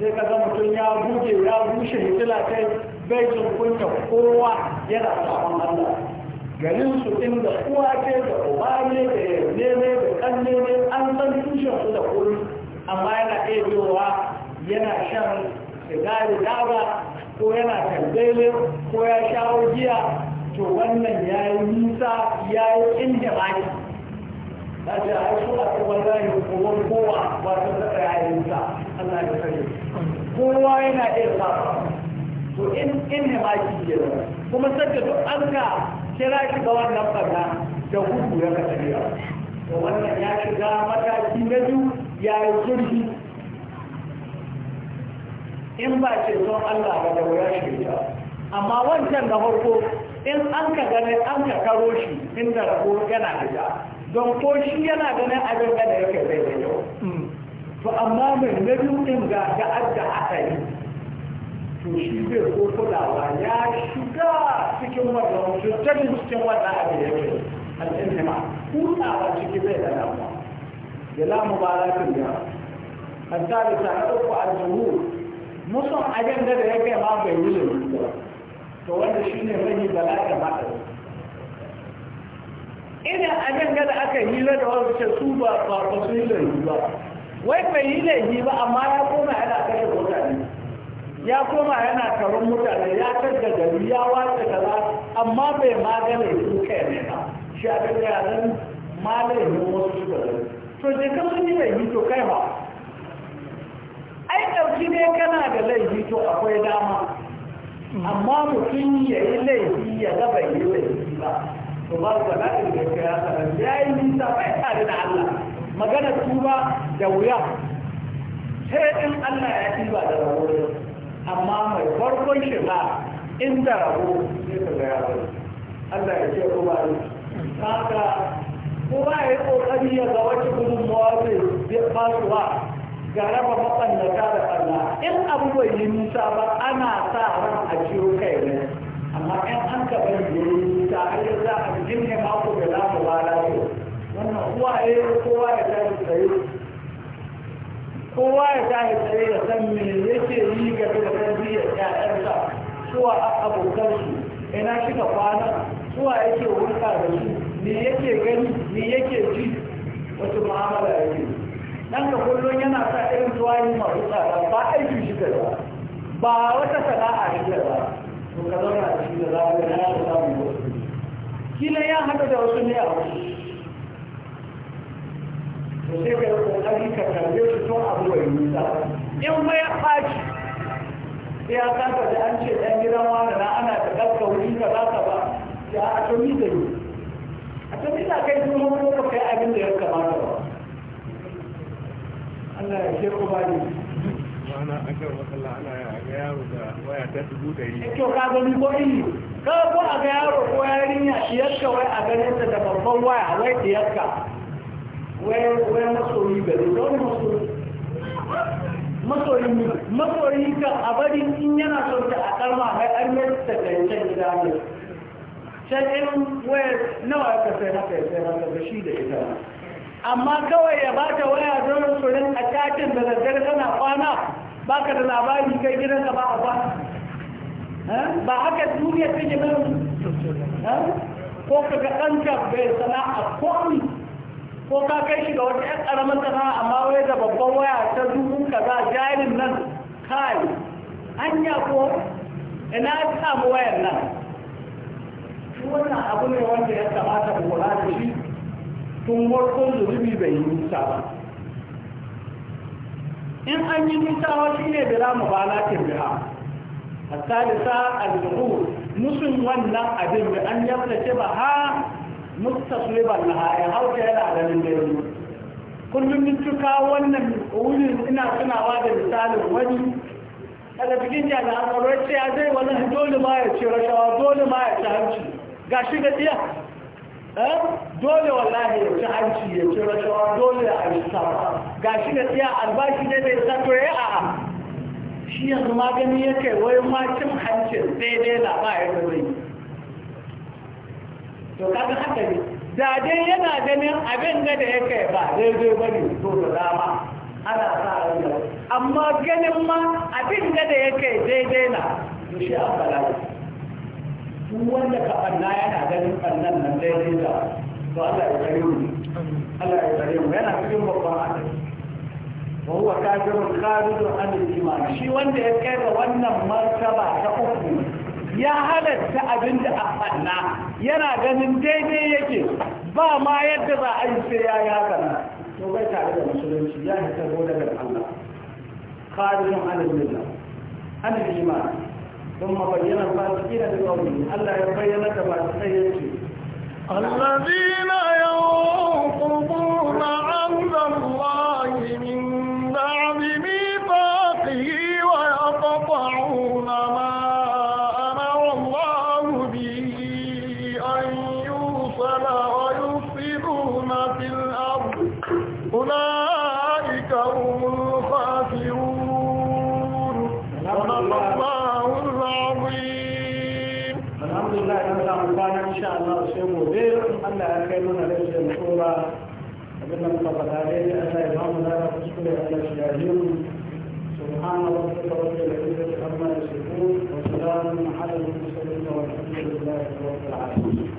sai ka zama mutum ya buge ya bushe hitila kai bai kunya kowa yana sabon Allah garin su din da uwa ce da uba ne da yanzu ne da kalle ne an san tushen su da kuri amma yana iya biyowa yana shan sigari daba ko yana kandele ko ya shawo giya to wannan ya yi nisa ya yi inda ba ne na ce a su a kuma zai kuma kowa ba su da ya yi nisa Allah ya sani kowa yana iya sa to in inda ba ki ke kuma sadda duk an ka kira shi ga wannan barna da gudu ya ka tafiya to wannan ya shiga mataki na biyu ya yi zurfi in ba ce don Allah ba da wuya shi amma wancan da farko in an ka gane an ka karo shi inda rabo yana da fita don ko shi yana ganin abin da yake zai da yau hmm. to amma mai na biyu din ga da adda aka yi to shi bai ko kulawa ya shiga cikin wannan mutuntarin cikin wannan abin da yake al'intima kutsawa ciki bai da damuwa da lamu ba za latin da hatta da ta haɗa a aljuhu musan abin da ya kai ma bai yi da yi to wanda shi ne mai bala da maɗa ina abin da aka hira da wasu ce su ba ba su yi da ba wai bai yi da yi ba amma ya koma yana kashe mutane ya koma yana taron mutane ya tadda gari ya wace kaza amma bai magana su kai ne ba shi a kan yaran malamin wasu su zai to je kan sun yi laifi to kai ba ai ɗauki ne kana da laifi to akwai dama amma mutum ya yi laifi ya gaba yi laifi ba to ba su da ɗin da ya sanar ya yi nisa bai tare da Allah magana tuba da wuya sai in Allah ya ba da rawar amma mai farkon shiga inda rabo ne ka ga yaro Allah ya ce kuma ne kaka ko ba ya kokari ya ga wacce gudunmawa zai fasu ba ga raba matsannata da Allah in abu bai yi nisa ba ana sa ran a ciwo kai ne amma in an ka bari ya yi nisa har za a jinne mako da za mu ba lafiya wannan uwaye kowa ya yi tsaye kowa ya tashi tsaye da san me yake yi ga da tarbiyyar ƴaƴansa suwa abokan su ina shiga kwana suwa yake hulɗa da su me yake gani me yake ji wasu mu'amala yake dan ka kullum yana sa irin tuwayi masu tsada ba aiki shi ba ba wata sana'a shi ba to ka zauna a cikin da za na ga na samu wasu kila ya haɗu da wasu ne a wasu to sai ka yi kokari ka kalle shi tun abu nisa in ma ya faci sai ya kasa da an ce ɗan gidan wani na ana da ɗauka wuri ka za ka ba ya a to ni da yi a to ni na kai kuma ko ka kai abin da ya kamata ba Allah ya ce ba ni ana an matsala ana ga yaro da waya ta dubu Ito eh, ka gani ko iri ka ko a ga yaro ko yarinya shi yakka wai a ganin da babban waya wai da yakka wai masoyi gari da wani masoyi masoyi ne masoyi kan a bari in yana son ta a karma har an yi ta kai can gida ne can in waya nawa ka sai haka ya sai haka da shi da ita amma kawai ya ba ta waya don su a tatin da daddare tana kwana ba ka da labari kai ka ba a ba eh? ba haka duniya take nan eh? ko ka ga ɗanka bai sana'a komi ko ka kai shi ga wata 'yan ƙaramar sana'a amma wai da babban waya ta dubu kaza jarin nan kai hanya ko ina samu wayar nan wannan abu ne wanda ya kamata mu kula da shi tun farkon zunubi bai yi nisa ba in an yi nisa wa shi ne bila mu ba latin biha hatta da sa al-zuhur musun wannan abin da an ce ba ha mustasliban nahaya hausa yana ganin dare kullum min tuka wannan wurin ina tunawa da misalin wani daga cikin jami'an tsaro ya ce ya zai wani dole ma ya ce rashawa dole ma ya ci hanci ga shi da tsiya dole wallahi ya ci hanci ya ce rashawa dole ya arista ga shi da tsiya albashi ne bai sato ya a'a shi yanzu magani ya kai wai ma cin hancin daidai labarai da ya to kaga haka ne da dai yana ganin abin da ya kai ba daidai ba to da dama ana sa ranar amma ganin ma abin da ya kai daidai na to shi an wanda ka banna yana ganin bannan nan daidai da to Allah ya kare mu Allah ya kare mu yana cikin babban wa ya wannan martaba ta uku ya halatta abin da a fanna yana ganin daidai yake ba ma yadda za a yi sai ya yi haka nan to bai tare da musulunci ya hita ko daga Allah qadirun ala billah an al Allah ya bayyana الفاسقين بقوله الا يبين لك ما الذين ينقضون Allah sai gobe Allah ya kai mana lafiya da tsora abin da muka faɗa dai Allah ya ba mu da kuskure Allah shi ya yi سبحان ربك رب العزة عما يصفون وسلام على المرسلين والحمد لله رب العالمين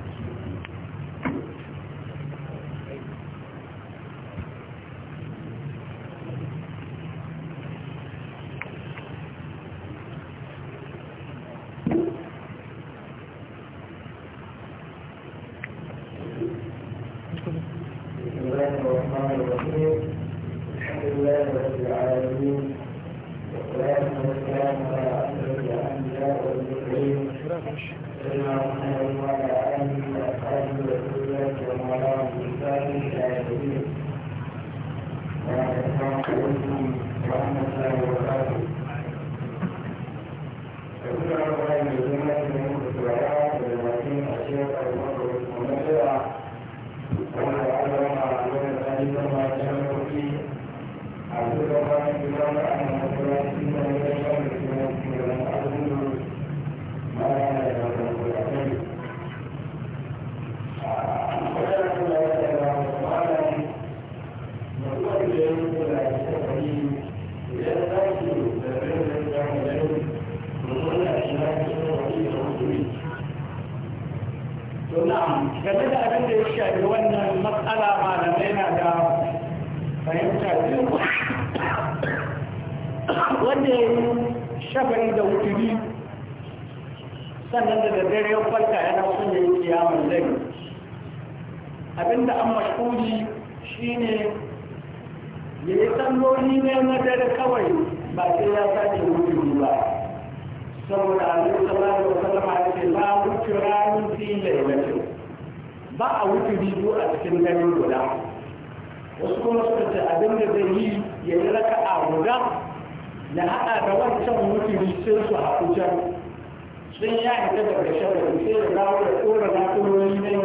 sun sha hita daga shawarar sai da dawo da tsoro na turori ne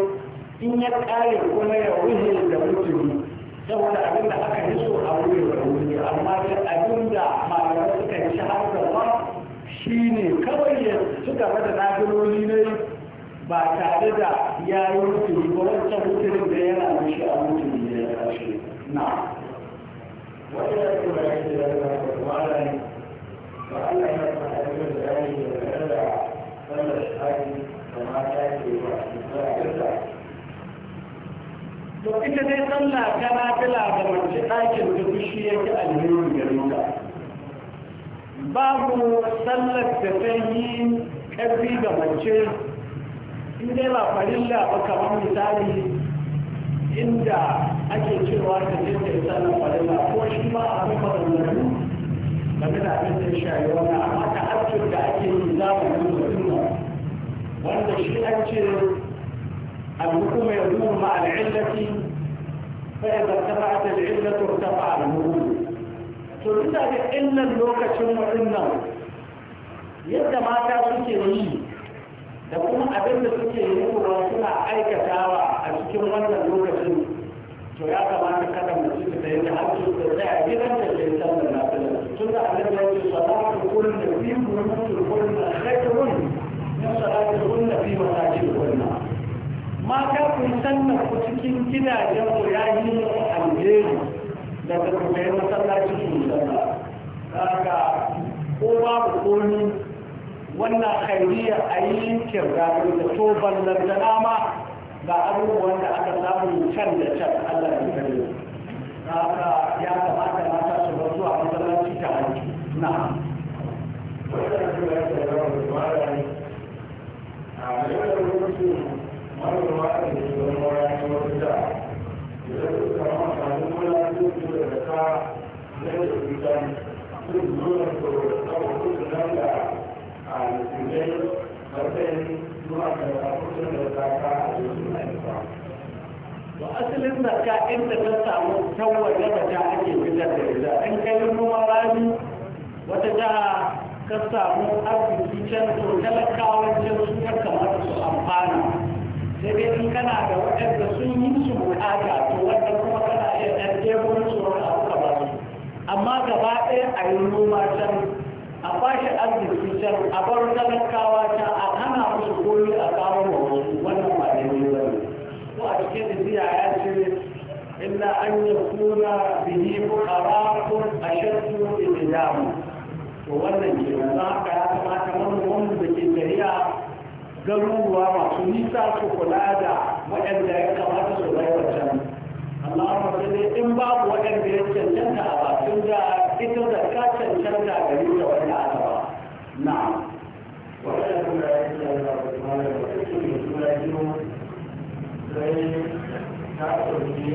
in ya kare kuma ya wuce da mutum saboda abin da aka yi so a wuce da wuce amma da abin da malamai suka yi shahararwa shi ne kawai ya suka bada na turori ne ba tare da ya yi wuce ba wancan wuce da yana wuce a wuce ne ya kashe na wani da kuma ya ce da to ita dai sallah kana bila da mace ɗakin da fushi yake alheri gare nuna. babu sallar da ta yi ƙarfi ga mace in dai ba farilla ba kamar misali inda ake cewa ta je ta farilla ko shi ma a rufa da game da abin da ya shayi wani amma ta hakkin da ake yi zamanin mutum wanda shi an ce الحكم يدور مع العلة فإذا ارتفعت العلة ارتفع المرور تريد إلا اللوكة وإنه yadda mata suke yi da kuma abin da suke yi kuma suna aikatawa a cikin wannan lokacin to ya kamata kada mutum da yake hakkin da zai a gidan da ke sallar lafiya سنة a جواب الصلاة كل فيكم كل خير من صلاتهن في مساجدهن ما كان سنة كتكين كده جنب يعني الجيل da ta kuma yi masallaci su sallah daga ko ku komi wannan khairiyar a yi kirga da toban lantana ma ga abubuwan da aka samu can da can Allah ya kare daga ya kamata نعم asalin zarka inda ta samu tawaje da ta ake fitar da ita in kai noma rani wata jiha ka samu arziki can to talakawan can su ya kamata su amfana sai dai in kana da waɗanda sun yi su buƙata to wanda kuma kana iya ɗan ɗebo su wani abu ka amma gaba ɗaya a yi noma can a kwashe arziki can a bar talakawa can a hana musu koyi a kawo wa wasu wannan ba ne ne ba ne ko a cikin tafiya ya ce إلا أن يكون به فقراء أشد إلزاما to wannan ke nan za ka ya kamata manoman da ke shari'a garuruwa masu nisa su kula da waɗanda ya kamata su bai wancan amma amma sai in babu waɗanda ya cancanta a bakin da ita da ka cancanta gari da wanda aka ba na waɗanda da ya cancanta da wanda aka ba sai ta ɗauki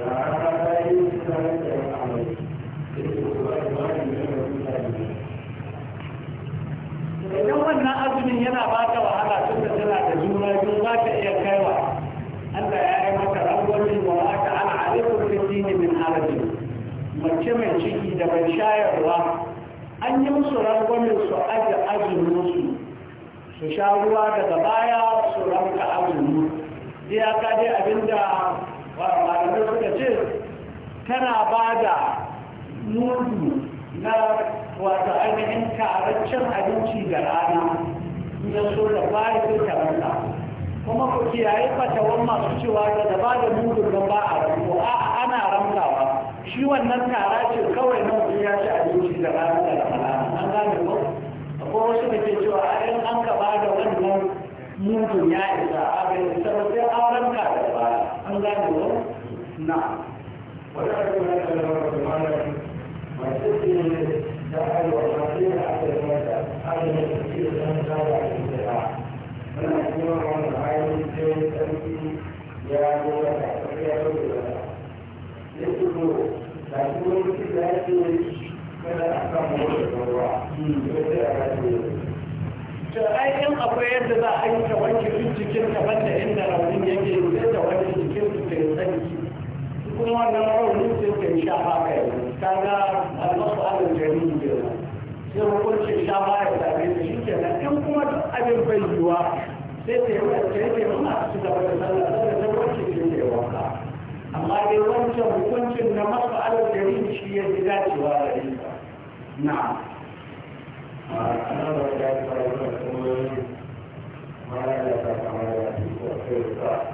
da aka yi da idan wannan azumin yana ba ta wahala tun da tana da juna biyu za ta iya kaiwa Allah ya yi mata rangwamin wa aka ala alaikun fitini min haraji mace mai ciki da mai shayarwa an yi musu rangwamin su ajiye azumin su sha ruwa daga baya su ranka azumi iyaka dai abinda malamai suka ce tana ba da mudu na wata ainihin karancin abinci da rana na so da baya sai tabarta kuma ku kiyaye fatawan masu cewa da da ba da mudu don ba a ranko a ana rankawa shi wannan tara ce kawai nan ya ci abinci da rana da rana an gane ko akwai wasu da ke cewa a yin an ka ba da wannan mudun ya isa a bai isa ba sai an ranka da ba an gane ko na wata ake wani kalmar da to ai in akwai yadda za a yi ta wanke jikin daban da inda raunin yake da wanke jikin su ke tsaki cikin wannan rauni sai ka yi shafa kai ka ga almasu alin jami'in ke sai hukuncin shafa ya same ta shi kenan in kuma duk abin bai yiwa sai ta yi wata ta yi muna su gaba da sallah sai ta wanke shi ne waka amma dai wancan hukuncin na masu alin jami'in shi ya ji dacewa da shi na ana da ya fara da kuma wani mara da ta kamar da ta